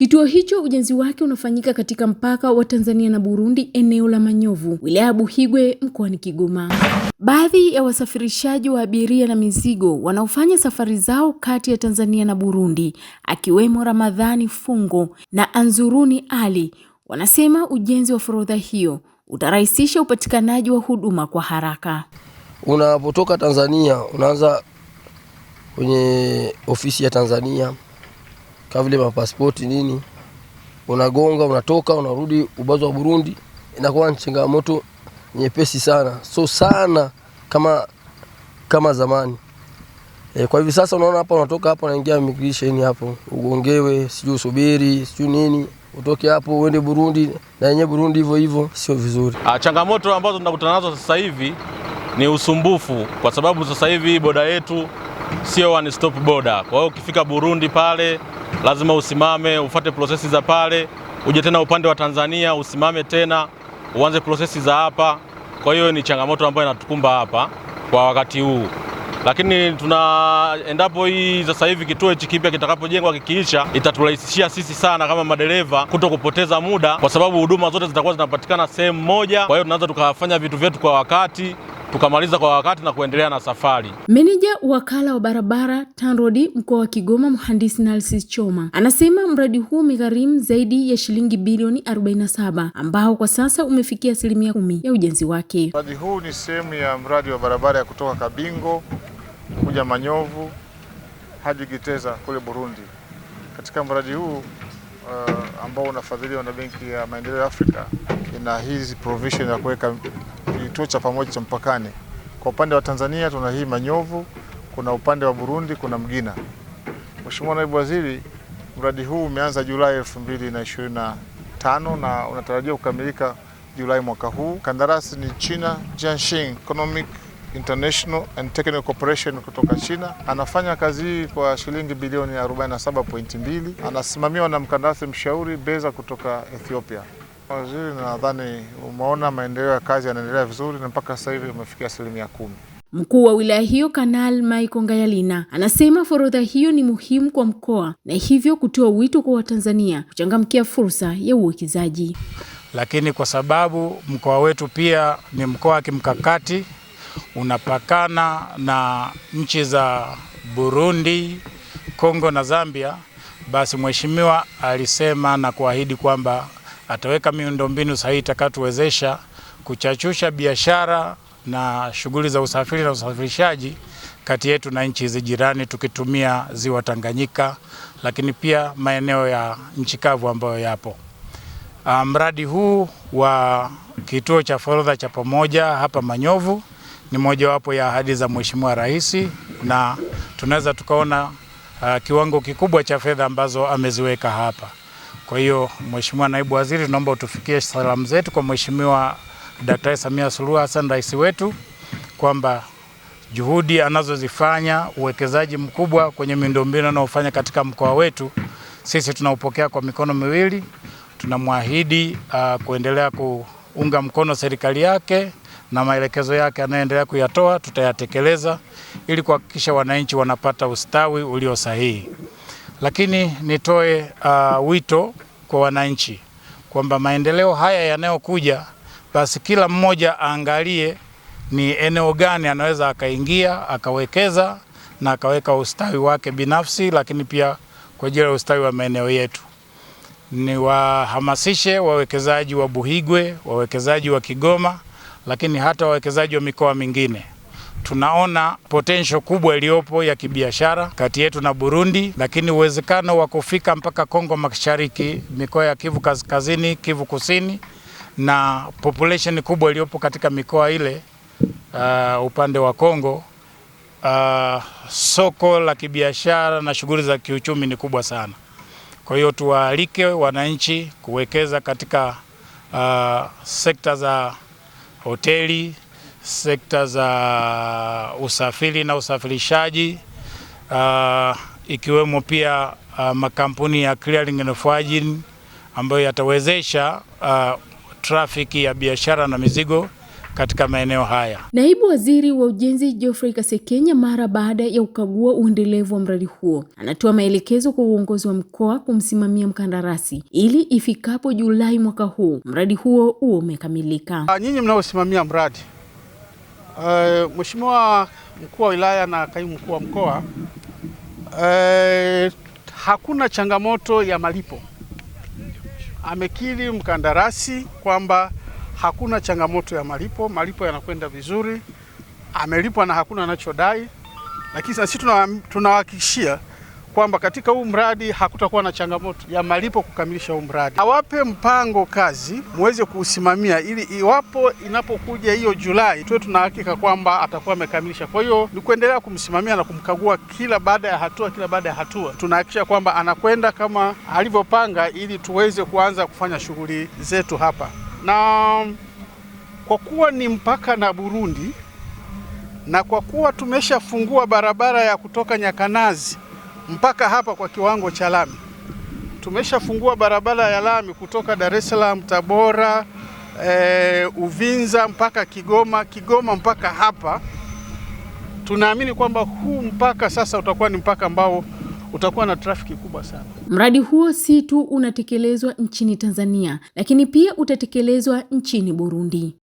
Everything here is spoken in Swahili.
Kituo hicho ujenzi wake unafanyika katika mpaka wa Tanzania na Burundi eneo la Manyovu, wilaya ya Buhigwe mkoani Kigoma. Baadhi ya wasafirishaji wa abiria na mizigo wanaofanya safari zao kati ya Tanzania na Burundi, akiwemo Ramadhani Fungo na Anzuruni Ali, wanasema ujenzi wa forodha hiyo utarahisisha upatikanaji wa huduma kwa haraka. Unapotoka Tanzania unaanza kwenye ofisi ya Tanzania kama vile mapaspoti nini, unagonga unatoka unarudi ubazo wa Burundi, inakuwa ni changamoto nyepesi sana, so sana kama kama zamani e. Kwa hivi sasa unaona hapa, unatoka hapa unaingia immigration hapo, ugongewe sijui usubiri sijui nini utoke hapo uende Burundi na yenye Burundi hivyo hivyo, sio vizuri. Ah, changamoto ambazo tunakutana nazo sasa hivi ni usumbufu, kwa sababu sasa hivi boda yetu sio one stop border. Kwa hiyo ukifika Burundi pale lazima usimame ufate prosesi za pale, uje tena upande wa Tanzania usimame tena uanze prosesi za hapa. Kwa hiyo ni changamoto ambayo inatukumba hapa kwa wakati huu, lakini tuna endapo hii sasa hivi kituo hichi kipya kitakapojengwa kikiisha, itaturahisishia sisi sana kama madereva kuto kupoteza muda, kwa sababu huduma zote zitakuwa zinapatikana sehemu moja. Kwa hiyo tunaweza tukafanya vitu vyetu kwa wakati tukamaliza kwa wakati na kuendelea na safari. Meneja wakala wa barabara TANROADS mkoa wa Kigoma, mhandisi Narcis Choma, anasema mradi huu umegharimu zaidi ya shilingi bilioni 47 ambao kwa sasa umefikia asilimia kumi ya ujenzi wake. Mradi huu ni sehemu ya mradi wa barabara ya kutoka Kabingo kuja Manyovu hadi Giteza kule Burundi. Katika mradi huu uh, ambao unafadhiliwa na Benki ya Maendeleo ya Afrika ina hizi provision ya kuweka kituo cha pamoja cha mpakani. Kwa upande wa Tanzania tuna hii Manyovu, kuna upande wa Burundi kuna Mgina. Mheshimiwa Naibu Waziri, mradi huu umeanza Julai 2025 na unatarajiwa kukamilika Julai mwaka huu. Kandarasi ni China Jiangxing Economic International and Technical Corporation kutoka China. Anafanya kazi hii kwa shilingi bilioni 47.2. Anasimamiwa na mkandarasi mshauri Beza kutoka Ethiopia. Waziri, nadhani umeona maendeleo ya kazi yanaendelea vizuri na mpaka sasa hivi umefikia asilimia kumi. Mkuu wa wilaya hiyo Kanal Michael Ngayalina anasema forodha hiyo ni muhimu kwa mkoa na hivyo kutoa wito kwa Watanzania kuchangamkia fursa ya uwekezaji. Lakini kwa sababu mkoa wetu pia ni mkoa wa kimkakati, unapakana na nchi za Burundi, Kongo na Zambia, basi mheshimiwa alisema na kuahidi kwamba ataweka miundombinu sahihi itakayotuwezesha kuchachusha biashara na shughuli za usafiri na usafirishaji kati yetu na nchi hizi jirani tukitumia ziwa Tanganyika, lakini pia maeneo ya nchi kavu ambayo yapo. Ah, mradi huu wa kituo cha forodha cha pamoja hapa Manyovu ni mojawapo ya ahadi za Mheshimiwa Rais na tunaweza tukaona uh, kiwango kikubwa cha fedha ambazo ameziweka hapa. Kwa hiyo Mheshimiwa Naibu Waziri, tunaomba utufikie salamu zetu kwa Mheshimiwa Daktari Samia Suluhu Hassan, rais wetu, kwamba juhudi anazozifanya uwekezaji mkubwa kwenye miundombinu anaofanya katika mkoa wetu, sisi tunaupokea kwa mikono miwili. Tunamwahidi uh, kuendelea kuunga mkono serikali yake na maelekezo yake anayoendelea kuyatoa tutayatekeleza ili kuhakikisha wananchi wanapata ustawi ulio sahihi. Lakini nitoe uh, wito kwa wananchi kwamba maendeleo haya yanayokuja, basi kila mmoja aangalie ni eneo gani anaweza akaingia akawekeza na akaweka ustawi wake binafsi, lakini pia kwa ajili ya ustawi wa maeneo yetu. Niwahamasishe wawekezaji wa Buhigwe, wawekezaji wa Kigoma, lakini hata wawekezaji wa mikoa mingine tunaona potential kubwa iliyopo ya kibiashara kati yetu na Burundi, lakini uwezekano wa kufika mpaka Kongo Mashariki, mikoa ya Kivu Kaskazini, Kivu Kusini na population kubwa iliyopo katika mikoa ile uh, upande wa Kongo uh, soko la kibiashara na shughuli za kiuchumi ni kubwa sana. Kwa hiyo tuwaalike wananchi kuwekeza katika uh, sekta za hoteli sekta za usafiri na usafirishaji uh, ikiwemo pia uh, makampuni ya clearing and forwarding ambayo yatawezesha uh, trafiki ya biashara na mizigo katika maeneo haya. Naibu Waziri wa Ujenzi Geoffrey Kasekenya mara baada ya ukagua uendelevu wa mradi huo, anatoa maelekezo kwa uongozi wa mkoa kumsimamia mkandarasi ili ifikapo Julai mwaka huu mradi huo uwe umekamilika. Nyinyi mnaosimamia mradi Uh, Mheshimiwa mkuu wa wilaya na kaimu mkuu wa mkoa, uh, hakuna changamoto ya malipo. Amekiri mkandarasi kwamba hakuna changamoto ya malipo, malipo yanakwenda vizuri, amelipwa na hakuna anachodai, lakini sisi tunawahakikishia kwamba katika huu mradi hakutakuwa na changamoto ya malipo kukamilisha huu mradi. Awape mpango kazi muweze kuusimamia, ili iwapo inapokuja hiyo Julai tuwe tunahakika kwamba atakuwa amekamilisha. Kwa hiyo ni kuendelea kumsimamia na kumkagua kila baada ya hatua, kila baada ya hatua tunahakikisha kwamba anakwenda kama alivyopanga, ili tuweze kuanza kufanya shughuli zetu hapa, na kwa kuwa ni mpaka na Burundi na kwa kuwa tumeshafungua barabara ya kutoka Nyakanazi mpaka hapa kwa kiwango cha lami. Tumeshafungua barabara ya lami kutoka Dar es Salaam, Tabora, e, Uvinza mpaka Kigoma, Kigoma mpaka hapa. Tunaamini kwamba huu mpaka sasa utakuwa ni mpaka ambao utakuwa na trafiki kubwa sana. Mradi huo si tu unatekelezwa nchini Tanzania, lakini pia utatekelezwa nchini Burundi.